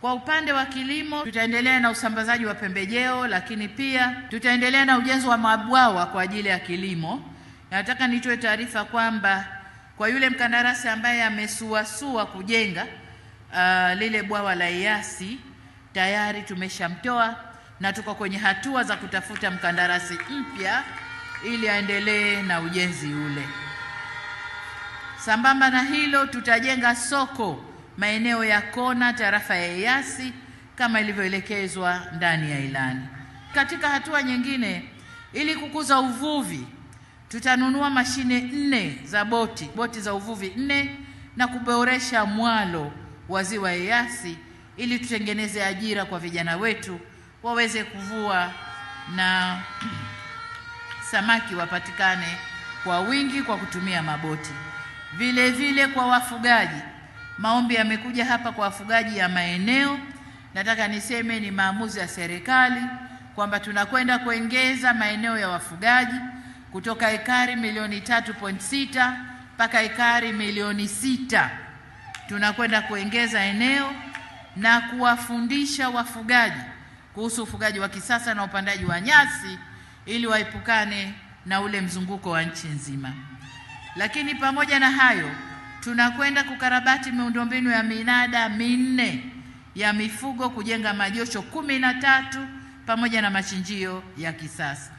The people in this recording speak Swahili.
Kwa upande wa kilimo tutaendelea na usambazaji wa pembejeo, lakini pia tutaendelea na ujenzi wa mabwawa kwa ajili ya kilimo. Nataka nitoe taarifa kwamba kwa yule mkandarasi ambaye amesuasua kujenga uh, lile bwawa la Iasi tayari tumeshamtoa na tuko kwenye hatua za kutafuta mkandarasi mpya ili aendelee na ujenzi ule. Sambamba na hilo, tutajenga soko maeneo ya kona tarafa ya Eyasi kama ilivyoelekezwa ndani ya ilani. Katika hatua nyingine, ili kukuza uvuvi, tutanunua mashine nne za boti boti za uvuvi nne na kuboresha mwalo wa ziwa Eyasi ili tutengeneze ajira kwa vijana wetu waweze kuvua na samaki wapatikane kwa wingi kwa kutumia maboti. Vile vile kwa wafugaji Maombi yamekuja hapa kwa wafugaji ya maeneo. Nataka niseme ni maamuzi ya serikali kwamba tunakwenda kuongeza maeneo ya wafugaji kutoka ekari milioni 3.6 mpaka ekari milioni sita. Tunakwenda kuongeza eneo na kuwafundisha wafugaji kuhusu ufugaji wa kisasa na upandaji wa nyasi ili waepukane na ule mzunguko wa nchi nzima. Lakini pamoja na hayo tunakwenda kukarabati miundombinu ya minada minne ya mifugo kujenga majosho kumi na tatu pamoja na machinjio ya kisasa.